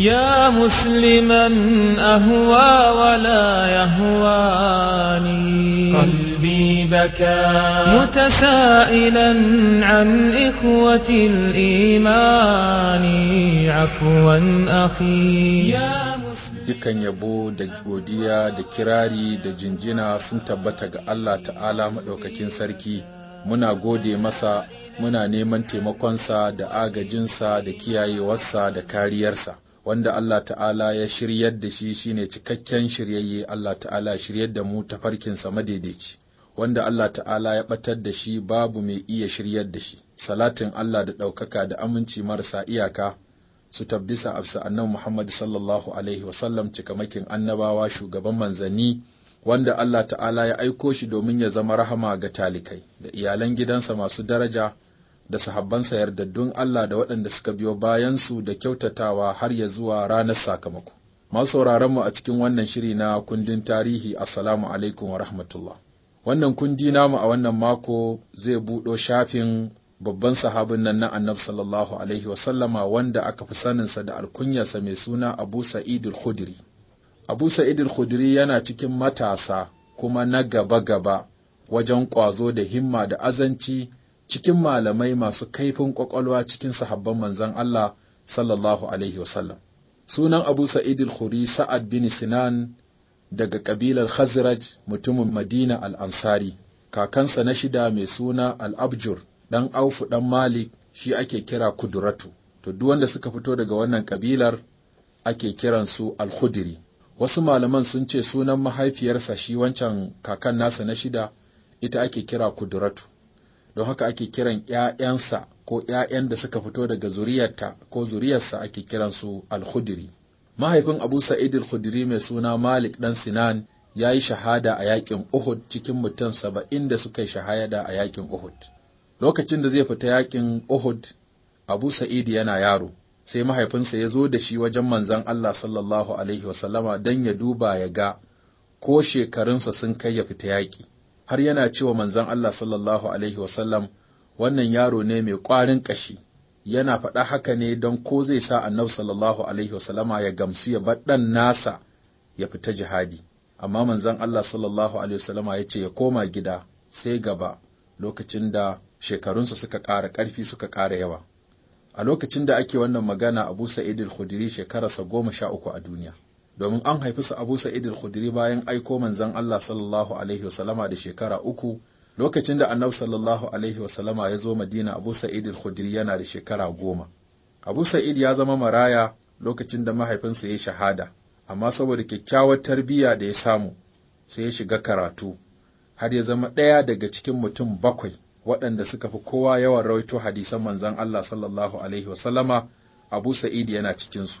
يا مسلما أهوى ولا يهواني قلبي بكى متسائلا عن إخوة الإيمان عفوا أخي يا dukan yabo da godiya da kirari da jinjina sun tabbata ga Allah ta'ala maɗaukakin sarki muna gode masa muna neman taimakonsa da agajinsa da kiyayewarsa da kariyarsa wanda Allah ta'ala ya shiryar da shi shine cikakken shiryayye Allah ta'ala shiryar da mu ta tafarkinsa madaidaici wanda Allah ta'ala ya ɓatar da shi babu mai iya shiryar da shi salatin Allah da ɗaukaka da aminci marasa iyaka su tabbisa afsa annan Muhammad sallallahu alaihi cikamakin annabawa shugaban manzanni wanda Allah ta'ala ya aiko shi domin ya zama rahama ga talikai da iyalan gidansa masu daraja da sahabbansa yardaddun Allah da waɗanda suka biyo bayansu da kyautatawa har ya zuwa ranar sakamako. Masu sauraron mu a cikin wannan shiri na kundin tarihi Assalamu alaikum wa rahmatullah. Wannan kundi namu a wannan mako zai buɗo shafin babban sahabin nan na Annabi sallallahu alaihi wa sallama wanda aka fi saninsa da alkunyarsa mai suna Abu Sa'id al-Khudri. Abu Sa'id al-Khudri yana cikin matasa kuma na gaba-gaba wajen ƙwazo da himma da azanci cikin malamai masu kaifin ƙwaƙwalwa cikin sahabban manzon Allah sallallahu alaihi wasallam. Sunan Abu Sa'id al-Khuri Sa'ad bin Sinan daga ƙabilar Khazraj mutumin Madina al-Ansari, kakansa na shida mai suna al-Abjur, ɗan Aufu ɗan Malik shi ake kira Kuduratu. To duk wanda suka fito daga wannan kabilar ake kiransu al-Khudri. Wasu malaman sun ce sunan mahaifiyarsa shi wancan kakan nasa na shida ita ake kira Kuduratu. don haka ake kiran ‘ya'yansa ko ‘ya'yan da suka fito daga zuriyarta ko zuriyarsa ake kiransu al Mahaifin Abu Sa'id al mai suna Malik ɗan Sinan ya yi shahada a yaƙin Uhud cikin mutum saba'in da suka yi shahada a yaƙin Uhud. Lokacin da zai fita yaƙin Uhud, Abu Sa'id yana yaro, sai mahaifinsa ya zo da shi wajen manzan Allah sallallahu Alaihi wasallama don ya duba ya ga ko shekarunsa sun kai ya fita yaƙi. har yana cewa manzon Allah sallallahu alaihi wasallam wannan yaro ne mai ƙwarin ƙashi yana faɗa haka ne don ko zai sa annabi sallallahu alaihi wasallama ya gamsu ya baɗan nasa ya fita jihadi amma manzon Allah sallallahu alaihi wasallama ya ce ya koma gida sai gaba lokacin da shekarunsa suka ƙara ƙarfi suka ƙara yawa a lokacin da ake wannan magana Abu Sa'id al-Khudri shekararsa goma sha uku a duniya domin an haifi su Abu Sa'id al-Khudri bayan aiko manzon Allah sallallahu alaihi wasallama da shekara uku lokacin da Annabi sallallahu alaihi wasallama ya zo Madina Abu Sa'id al-Khudri yana da shekara goma Abu Sa'id ya zama maraya lokacin da mahaifinsa ya shahada amma saboda kyakkyawar tarbiyya da ya samu sai ya shiga karatu har ya zama ɗaya daga cikin mutum bakwai waɗanda suka fi kowa yawan rawaito hadisan manzon Allah sallallahu alaihi wasallama Abu Sa'id yana cikinsu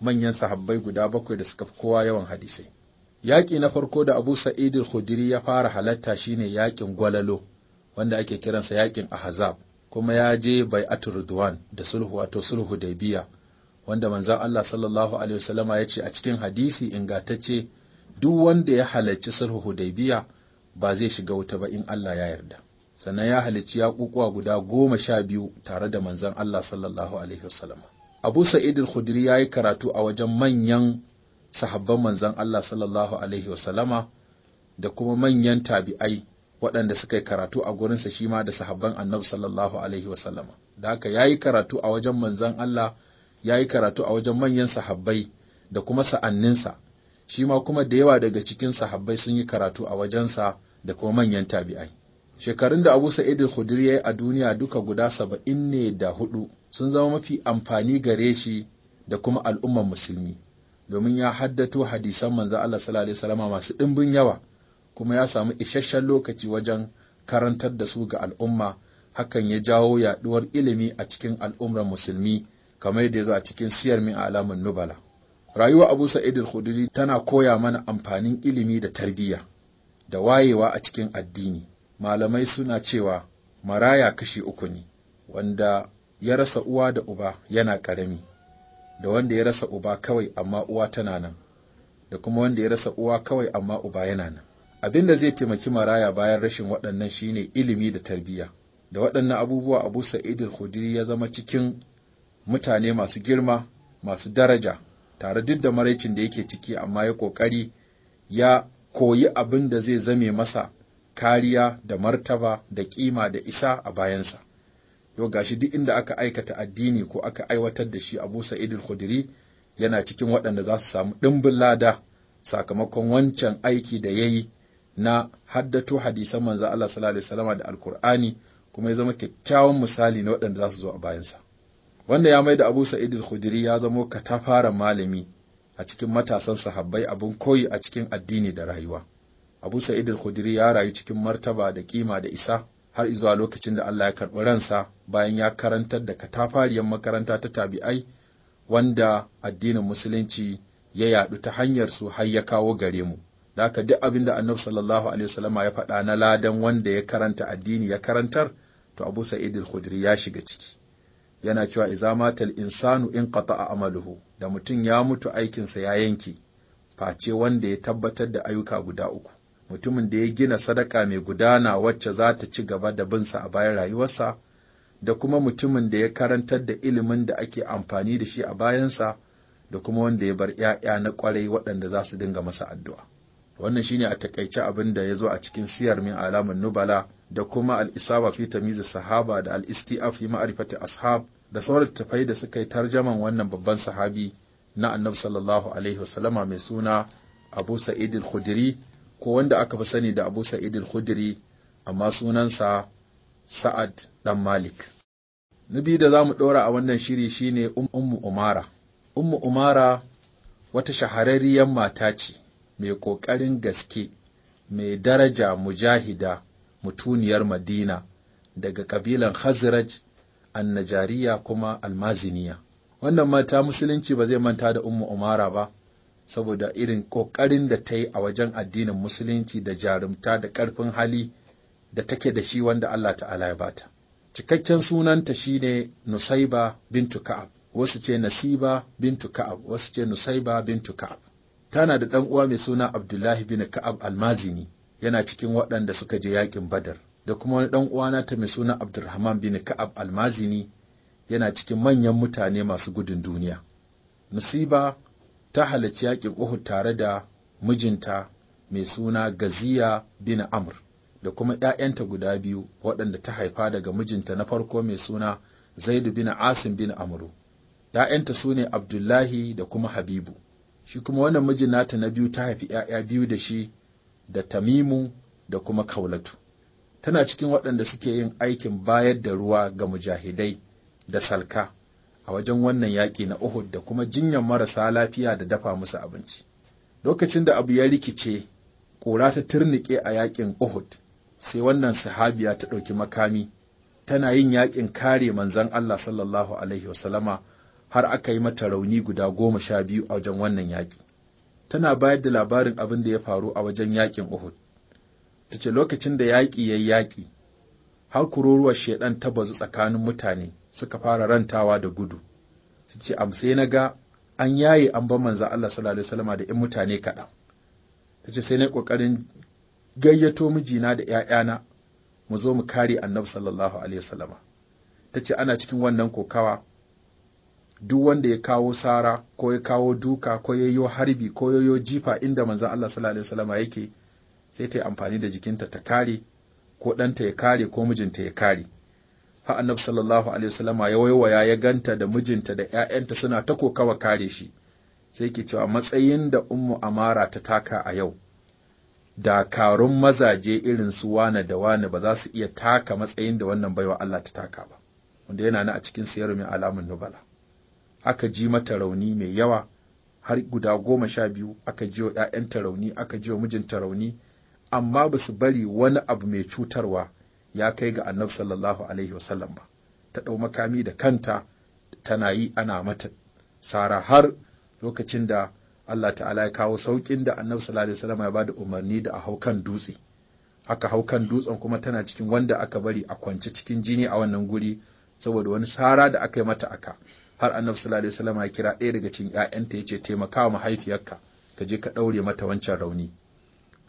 manyan sahabbai guda bakwai da suka fi kowa yawan hadisai. Yaƙi na farko da Abu Sa'id al ya fara halatta shine yaƙin Gwalalo wanda ake kiransa yaƙin Ahzab kuma ya je Bai'atul Ridwan da sulhu wato sulhu biya wanda manzon Allah sallallahu alaihi wasallama ya ce a cikin hadisi ingantacce duk wanda ya halarci sulhu Hudaybiya ba zai shiga wuta ba in Allah ya yarda. Sannan ya halarci yaƙuƙuwa guda goma sha biyu tare da manzon Allah sallallahu alaihi wasallama. Abu Sa'id al-Khudri yi karatu a wajen manyan sahabban manzan Allah sallallahu alaihi wasallama da kuma manyan tabi'ai waɗanda suka yi karatu a gurinsa shi ma da sahabban annab sallallahu alaihi wasallama da haka ya yi karatu a wajen manzan Allah ya yi karatu a wajen manyan sahabbai da kuma sa'anninsa shi ma kuma da yawa daga cikin sahabbai sun yi karatu a wajensa da kuma manyan tabi'ai shekarun da abu sa'id al-khudri ya yi a duniya duka guda saba'in ne da hudu sun zama mafi amfani gare shi da kuma al'ummar musulmi domin ya haddato hadisan manzo Allah sallallahu alaihi wasallama masu ɗimbin yawa kuma ya samu isasshen lokaci wajen karantar da su ga al'umma hakan ya jawo yaduwar ilimi a cikin al'ummar musulmi kamar yadda zo a cikin siyar min alamun nubala rayuwa abu sa'id al-khudri tana koya mana amfanin ilimi da tarbiyya da wayewa a cikin addini malamai suna cewa maraya kashi uku ne, wanda ya rasa uwa da uba yana ƙarami, da wanda ya rasa uba kawai amma uwa tana nan, da kuma wanda ya rasa uwa kawai amma uba yana nan. Abin da zai taimaki maraya bayan rashin waɗannan shine ilimi da tarbiyya. Da waɗannan abubuwa Abu Sa'id al-Khudri ya zama cikin mutane masu girma, masu daraja, tare duk da maraicin da yake ciki amma ya ƙoƙari ya koyi abin da zai zame masa kariya da martaba da kima da isa a bayansa yau gashi duk inda aka aikata addini ko aka aiwatar da shi Abu Sa'id al-Khudri yana cikin waɗanda za su samu ɗimbin lada sakamakon wancan aiki da yayi na haddato hadisan manzo Allah sallallahu alaihi wasallam da Alkur'ani kuma ya zama kyakkyawan misali na waɗanda za su zo a bayansa wanda ya maida Abu Sa'id al-Khudri ya zamo katafaren malami a cikin matasan sahabbai abun koyi a cikin addini da rayuwa Abu Sa'id al-Khudri ya rayu cikin martaba da kima da isa har izuwa lokacin da Allah ya karɓi ransa bayan ya karantar da katafariyar makaranta ta tabi'ai wanda addinin musulunci ya yaɗu ta hanyar su har ya kawo gare mu. Da haka duk abin da Annabi sallallahu alaihi wasallama ya faɗa na ladan wanda ya karanta addini ya karantar to Abu Sa'id al-Khudri ya shiga ciki. Yana cewa idza matal insanu in qata'a amaluhu da mutum ya mutu aikinsa ya yanke face wanda ya tabbatar da ayyuka guda uku. mutumin da ya gina sadaka mai gudana wacce za ta ci gaba da binsa a bayan rayuwarsa, da kuma mutumin da ya karantar da ilimin da ake amfani da shi a bayansa, da kuma wanda ya bar ‘ya'ya na ƙwarai waɗanda za su dinga masa addu'a. Wannan shi ne a taƙaice abin da ya zo a cikin siyar min alamun nubala da kuma Al'isawa, fi tamizu sahaba da al fi ma'arifati ashab da sauran tafai da suka yi tarjaman wannan babban sahabi na annabi sallallahu alaihi wasallama mai suna Abu Sa'id al ko wanda aka fi sani da Abu Sa'id al-Khudri amma sunansa Sa'ad dan Malik. Na da za mu ɗora a wannan shiri shine umm-, Ummu Umara. Ummu Umara wata shahararriyar mata ce mai ƙoƙarin gaske, mai daraja mujahida mutuniyar Madina daga ƙabilan Khazraj annajariya kuma almaziniya. Wannan mata musulunci ba zai manta da Ummu Umara ba, saboda irin ƙoƙarin da ta yi a wajen addinin musulunci da jarumta da ƙarfin hali da take da shi wanda Allah ta'ala ya bata. Cikakken sunanta shine Nusaiba bintu Ka'ab, wasu ce Nasiba bintu Ka'ab, wasu ce Nusaiba bintu Ka'ab. Tana da ɗan uwa mai suna Abdullahi bin Ka'ab Almazini, yana cikin waɗanda suka je yaƙin Badar, da kuma wani ɗan uwana ta mai suna Abdulrahman bin Ka'ab Almazini, yana cikin manyan mutane masu gudun duniya. Nusiba ta halarci yaƙin Uhud tare da mijinta mai suna Gaziya bin Amr da kuma ‘ya'yanta guda biyu waɗanda ta haifa daga mijinta na farko mai suna Zaidu bin Asim bin Amru. ‘Ya'yanta su ne Abdullahi da kuma Habibu, shi kuma wannan mijin nata na biyu ta haifi ‘ya'ya biyu da shi da Tamimu da kuma Kaulatu. Tana cikin waɗanda suke yin aikin bayar da ruwa ga mujahidai da salka. a wajen wannan yaƙi na Uhud da kuma jinyar marasa lafiya da dafa musu abinci. Lokacin da abu ya rikice, ƙura ta turnike a yaƙin Uhud, sai wannan sahabiya ta ɗauki makami, tana yin yaƙin kare manzan Allah sallallahu Alaihi wasallama har aka yi mata rauni guda goma sha biyu a wajen wannan yaƙi. Tana bayar da labarin abin da ya faru a wajen yaƙin Uhud. Ta ce lokacin da yaƙi ya yi yaƙi, har kururuwar shaiɗan ta bazu tsakanin mutane suka fara rantawa da gudu su ce sai na ga an yaye an ba manzo Allah sallallahu alaihi da in mutane kaɗan ta ce sai na ƙoƙarin gayyato mijina da ‘ya'yana mu zo mu kare annabi sallallahu alaihi wasallama ta ce ana cikin wannan kokawa duk wanda ya kawo sara ko ya kawo duka ko ya yi harbi ko ya yi jifa inda manzan Allah sallallahu alaihi yake sai ta yi amfani da jikinta ta kare ko ɗanta ya kare ko mijinta ya kare Fa annabi sallallahu alaihi wasallama ya waiwaya ya ganta da mijinta da 'ya'yanta suna ta kokawa kare shi sai ke cewa matsayin da ummu amara ta taka a yau dakarun mazaje irin su wane da wane ba za su iya taka matsayin da wannan baiwa Allah ta taka ba wanda yana na a cikin siyar mai alamun nubala aka ji mata rauni mai yawa har guda goma sha biyu aka ji wa ‘ya'yanta rauni aka ji wa mijinta rauni amma ba su bari wani abu mai cutarwa ya kai ga annabi sallallahu alaihi wasallam ba ta ɗau makami da kanta tana yi ana mata sara har lokacin da Allah ta'ala ya kawo sauƙin da annabi sallallahu alaihi wasallam ya bada umarni da a haukan dutse haka haukan dutsen kuma tana cikin wanda aka bari a kwance cikin jini a wannan guri saboda wani sara da aka yi mata aka har annabi sallallahu alaihi wasallam ya kira ɗaya daga cikin ƴaƴanta yace taimaka wa mahaifiyarka ka je ka ɗaure mata wancan rauni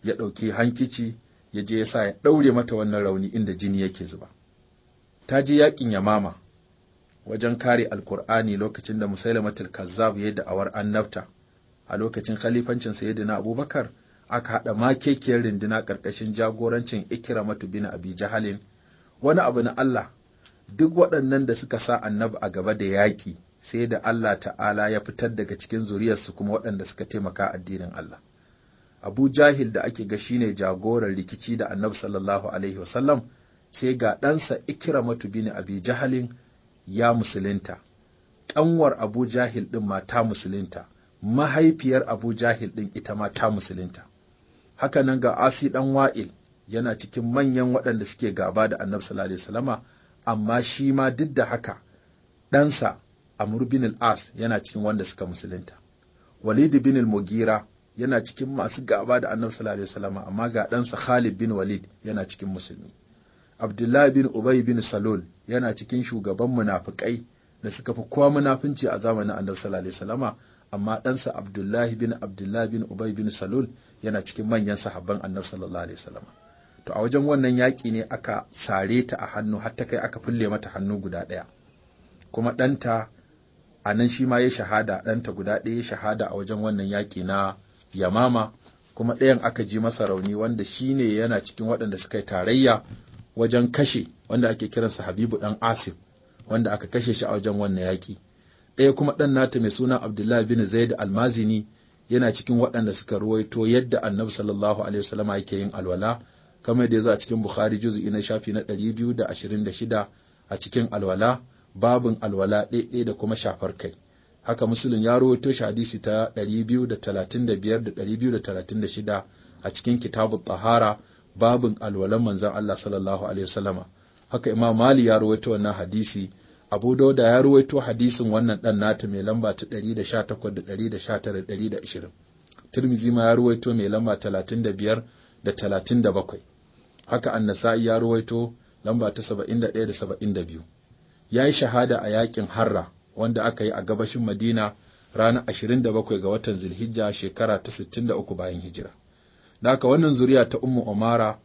ya ɗauki hankici ya je ya sa ya ɗaure mata wannan rauni inda jini yake zuba. Ta ji yaƙin ya mama wajen kare Alƙur'ani lokacin da Musailamatul Kazzab ya yi da'awar annabta a lokacin khalifancin Sayyidina Abubakar aka haɗa makekiyar rinduna ƙarƙashin jagorancin Ikramatu bin Abi Jahalin wani abu na Allah duk waɗannan da suka sa annabi a gaba da yaƙi sai da Allah ta'ala ya fitar daga cikin zuriyarsu kuma waɗanda suka taimaka addinin Allah. Abu Jahil da ake ga shine jagoran rikici da Annabi sallallahu alaihi wasallam sai ga ɗansa Ikramatu bin Abi Jahalin ya musulunta. Ƙanwar Abu Jahil ɗin ma ta musulunta, mahaifiyar Abu Jahil ɗin ita ma ta musulunta. Haka nan ga Asi ɗan Wa'il yana cikin manyan waɗanda suke gaba da Annabi sallallahu alaihi wasallama amma shi ma duk da haka ɗansa Amr bin al-As yana cikin wanda suka musulunta. Walid bin al-Mughira yana cikin masu gaba da annabi sallallahu alaihi wasallam amma ga ɗansa Khalid bin Walid yana cikin musulmi abdullah bin Ubay bin Salul yana cikin shugaban munafikai da suka fi kowa munafunci a zamanin annabi sallallahu alaihi wasallam amma ɗansa Abdullahi bin Abdullahi bin Ubay bin Salul yana cikin manyan sahabban annabi sallallahu alaihi wasallam to a wajen wannan yaƙi ne aka sare ta a hannu har ta kai aka fulle mata hannu guda ɗaya kuma ɗanta a nan shi ma ya shahada ɗanta guda ɗaya ya shahada a wajen wannan yaƙi na yamama kuma ɗayan aka ji masa rauni wanda shi ne yana cikin waɗanda suka yi tarayya wajen kashe wanda ake kiransa Habibu ɗan Asim wanda aka kashe shi a wajen wannan yaƙi. Ɗaya kuma ɗan nata mai suna Abdullahi bin Zaid Almazini yana cikin waɗanda suka ruwaito yadda Annabi sallallahu alaihi wasallama yake yin alwala kamar yadda ya zo a cikin Bukhari juz'i na shafi na ɗari biyu da da ashirin shida a cikin alwala babin alwala ɗaya, da kuma shafar kai. haka musulun ya rawaito shi hadisi ta 235 da 236 a cikin kitabun tahara babin alwalan manzan Allah sallallahu alaihi wasallama haka imam mali ya rawaito wannan hadisi abu dauda ya rawaito hadisin wannan dan nata mai lamba ta 118 120 tirmizi ma ya rawaito mai lamba 35 da 37 haka annasa'i ya rawaito lamba ta 71 da 72 yayi shahada a yakin harra wanda aka yi a gabashin Madina ranar 27 ga watan Zulhijja shekara ta sittin 63 bayan hijira. Da haka wannan zuriya ta Ummu Umara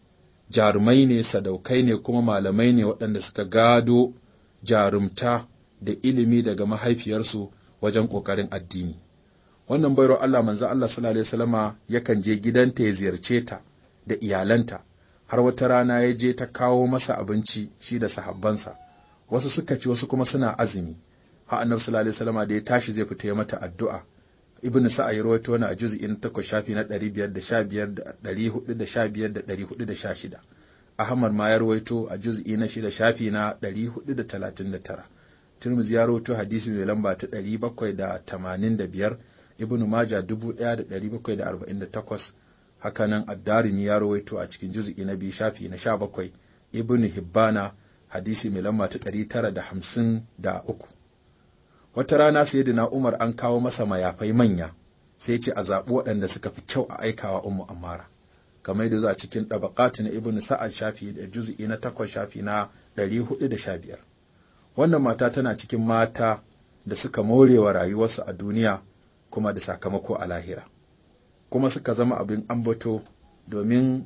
jarumai ne, sadaukai ne kuma malamai ne waɗanda suka gado jarumta da ilimi daga mahaifiyarsu wajen ƙoƙarin addini. Wannan baiwar Allah manzo Allah sallallahu alaihi wasallama yakan je gidanta ya ziyarce ta da iyalanta har wata rana ya je ta kawo masa abinci shi da sahabbansa wasu suka ci wasu kuma suna azumi har annabi sallallahu alaihi wasallam da ya tashi zai fita ya mata addu'a ibnu sa'a rawaito wani a juz'in 8 shafi na 515 da 415 416 Ahmad ma ya rawaito a juz'i na 6 shafi na 439 Tirmidhi ya rawaito hadisi mai lamba ta 785 ibnu Majah 1748 hakanan Ad-Darimi ya rawaito a cikin juz'i na 2 shafi na 17 ibnu Hibbana hadisi mai lamba ta 953 wata rana sai da Umar an kawo masa mayafai manya sai ce a zaɓi waɗanda suka fi kyau a aikawa ummu amara kamar da zuwa cikin ɗabaƙatu na ibnu sa'ad shafi da juz'i na takwas shafi na ɗari hudu da sha biyar wannan mata tana cikin mata da suka morewa rayuwarsu a duniya kuma da sakamako a lahira kuma suka zama abin ambato domin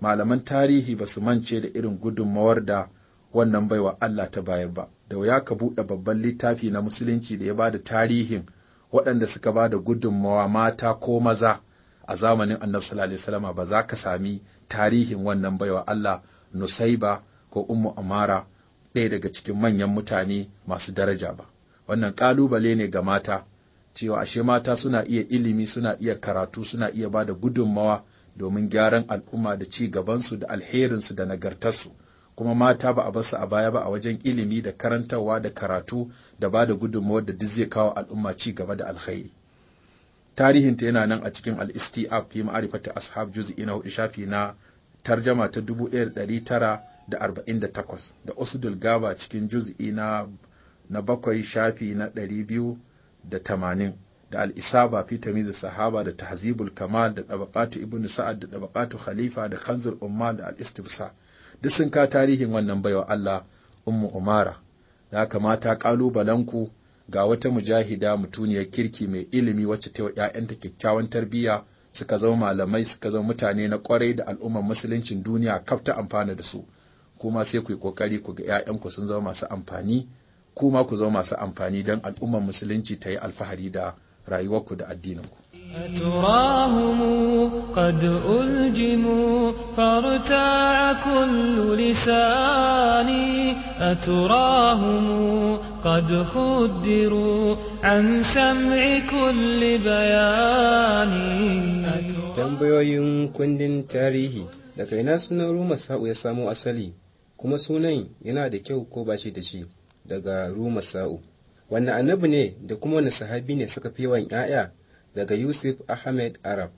malaman tarihi ba su mance da irin gudunmawar da wannan baiwa Allah ta bayar ba da wuya ka buɗe babban littafi na musulunci da ya ba da tarihin waɗanda suka ba da gudunmawa mata ko maza a zamanin annabi sallallahu alaihi ba za ka sami tarihin wannan baiwa Allah Nusaiba ko Ummu Amara ɗaya daga cikin manyan mutane masu daraja ba wannan ƙalubale ne ga mata cewa ashe mata suna iya ilimi suna iya karatu suna iya ba da gudunmawa domin gyaran al'umma da ci gabansu da alherinsu da nagartarsu kuma mata ba a basu a baya ba a wajen ilimi da karantarwa da karatu da ba da gudunmawar da duk zai kawo al'umma ci gaba da alkhairi. Tarihinta yana nan a cikin al istiaf fi ma'rifati ashab juz'i na hudu shafi na tarjama ta 1948 da Usdul Gaba cikin juz'i na na bakwai shafi na 280 da al-Isaba fi tamizu sahaba da tahzibul kamal da tabaqatu ibnu sa'ad da tabaqatu khalifa da khanzul umma da al-istifsa duk sun ka tarihin wannan baiwa Allah ummu umara ya kamata ƙalubalanku ga wata mujahida mutuniyar kirki mai ilimi wacce ta ‘ya'yanta kyakkyawan tarbiyya suka zama malamai suka zama mutane na kwarai da al'ummar musuluncin duniya kaf ta amfana da su kuma sai ku yi kokari ku ga ‘ya'yanku sun zama masu amfani kuma ku zama masu amfani don al'ummar musulunci ta yi alfahari da rayuwarku da addininku أتراهم قد ألجموا فارتاع كل لساني أتراهم قد خدروا عن سمع كل بيان tambayoyin kundin tarihi daga ina sunan ruma sa'u ya samo asali kuma sunan yana da kyau ko bashi da shi daga ruma sa'u wannan annabi ne da kuma wani sahabi ne suka fi yawan 'ya'ya daga Yusuf Ahmed Arab.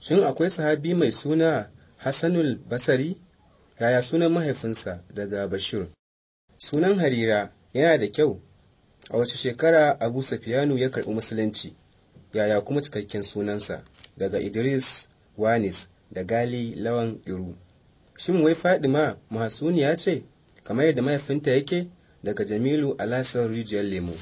Shin akwai sahabi mai suna Hassanul Basari? Yaya sunan mahaifinsa daga Bashir? Sunan Harira yana da kyau. A wace shekara Abu Safiyanu ya karɓi Musulunci? Yaya kuma cikakken sunansa daga Idris Wanis da Gali Lawan Iru? Shin wai Fadima mahasuniya ce? Kamar yadda mahaifinta yake daga Jamilu Alasan Rijiyar Lemo.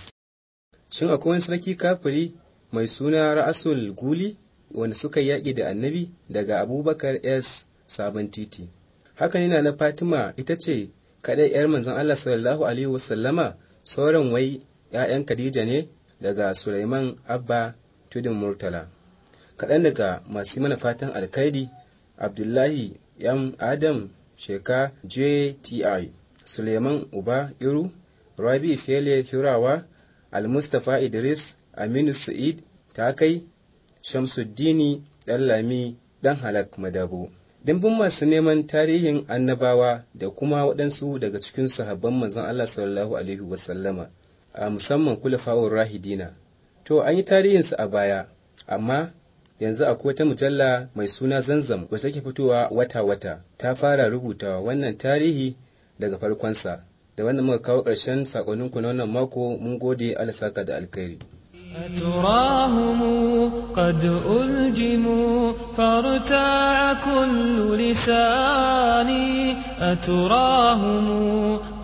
Shin akwai wani sarki kafiri mai suna rasul guli wanda suka yaƙi da annabi daga abubakar s sabon titi hakan yana na fatima ita ce kaɗai 'yar manzan allah sallallahu alaihi wasallama sauran wai 'ya'yan khadija ne daga Sulaiman Abba Tudun Murtala. Kaɗan daga masu mana fatan alkaidi Abdullahi ‘yan Adam Sheka JTI, Suleiman Uba Iru, Rabi Fele Hurawa Al-Mustapha Idris aminu sa'id ta kai shamsuddini ɗan lami ɗan halak madabo dimbin masu neman tarihin annabawa da kuma waɗansu daga cikin sahabban manzon Allah sallallahu alaihi wasallama a musamman fawon rahidina to an yi tarihinsu a baya amma yanzu akwai wata mujalla mai suna zanzam wacce ke fitowa wata-wata ta fara rubutawa wannan tarihi daga farkonsa da wannan muka kawo ƙarshen sakonninku na wannan mako mun gode Allah da alkhairi أتراهم قد ألجموا فارتاع كل لساني أتراهم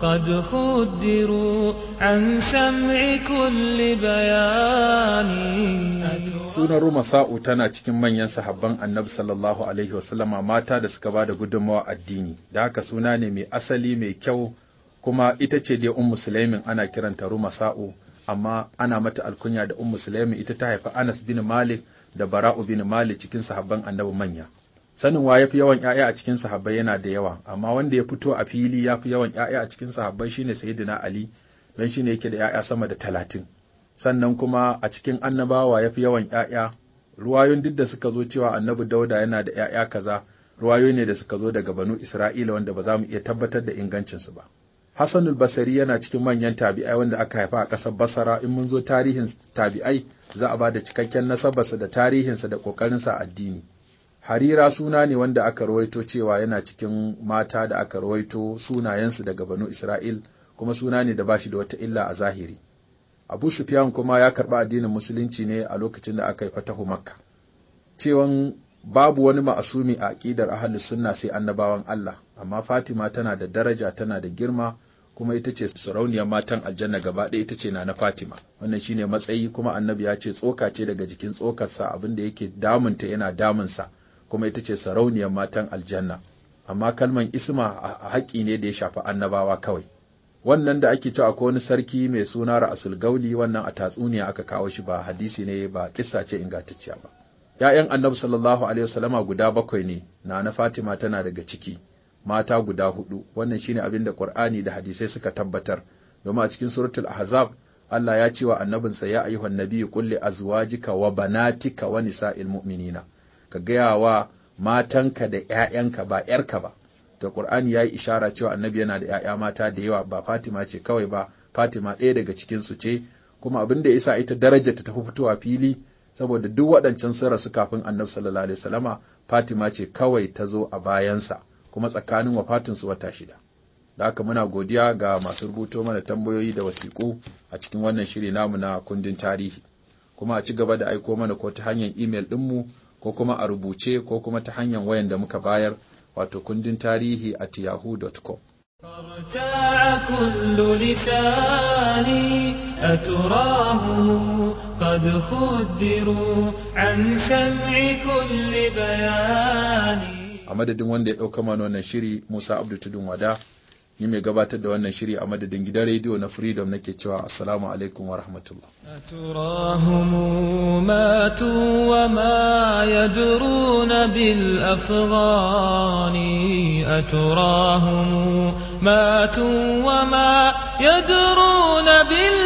قد خدروا عن سمع كل بياني sunan Ruma Sa'u tana cikin manyan sahabban Annabi sallallahu alaihi wasallama mata da suka ba da gudunmawa addini da haka suna ne mai asali mai kyau kuma ita ce dai un Sulaimin ana kiranta Ruma Sa'u amma ana mata alkunya da Ummu Sulaimi ita ta haifa Anas bin Malik da Bara'u bin Malik cikin sahabban Annabi manya. Sanin wa yafi yawan ‘ya'ya a cikin sahabbai yana da yawa, amma wanda ya fito a fili yafi yawan ‘ya'ya a cikin sahabbai shine Sayyidina Ali, don shine yake da ‘ya'ya sama da talatin. Sannan kuma a cikin annabawa yafi yawan ‘ya'ya, ruwayoyin duk da suka zo cewa annabi Dauda yana da ‘ya'ya kaza, ruwayoyi ne da suka zo daga Banu Isra'ila wanda ba za mu iya tabbatar da ingancinsu ba. Hassanul Basari yana cikin manyan tabi'ai wanda aka haifa a ƙasar Basara in mun zo tarihin tabi'ai za a ba da cikakken nasabarsa da tarihinsa da ƙoƙarinsa a addini. Harira suna ne wanda aka rawaito cewa yana cikin mata da aka rawaito sunayensu daga Banu Isra'il kuma suna ne da ba shi da wata illa a zahiri. Abu Sufyan kuma ya karɓi addinin Musulunci ne a lokacin da aka yi fatahu Makka. Cewan babu wani ma'asumi a aƙidar ahalus sunna sai annabawan Allah, amma Fatima tana da daraja tana da girma kuma ita ce sarauniyar matan aljanna gaba ɗaya ita ce na Fatima wannan shine matsayi kuma annabi ya ce tsoka ce daga jikin tsokarsa abin da yake damunta yana damunsa kuma ita ce sarauniyar matan aljanna amma kalman isma a haƙi ne da ya shafi annabawa kawai wannan da ake cewa akwai wani sarki mai suna Ra'asul Gauli wannan a tatsuniya aka kawo shi ba hadisi ne ba kissa ce ingantacciya ba Ya'yan Annabi sallallahu alaihi wasallama guda bakwai ne na na Fatima tana daga ciki mata guda hudu wannan shine abin da Qur'ani da hadisai suka tabbatar domin a cikin suratul ahzab Allah ya ce wa annabin sa ya ayyuhan nabiyyu qul li azwajika wa banatika wa nisa'il mu'minina ka gaya wa matanka da ‘ya'yanka ba ‘yarka ba, da Ƙur'ani yayi yi ishara cewa annabi yana da ‘ya'ya mata da yawa ba Fatima ce kawai ba, Fatima ɗaya daga cikin su ce, kuma abin da ya sa ita daraja ta tafi fitowa fili, saboda duk waɗancan sun su kafin annabi sallallahu alaihi wasallama Fatima ce kawai ta zo a bayansa, kuma tsakanin wafatinsu wata shida. Da haka muna godiya ga masu rubuto mana tambayoyi da wasiƙu a cikin wannan shiri namu na kundin tarihi. Kuma a ci gaba da aiko mana ko ta hanyar imel ɗinmu ko kuma a rubuce ko kuma ta hanyar wayan da muka bayar wato kundin tarihi a yahoo.com. فارتاع كل لساني قد خدروا عن سمع كل a madadin wanda ya dauka mana wannan shiri Musa Abdul Tudun Wada ni mai gabatar da wannan shiri a madadin gidan radio na Freedom nake cewa assalamu alaikum wa rahmatullah aturahum turahumatu wa ma yadruna bil afghani aturahum matu wa ma yadruna bil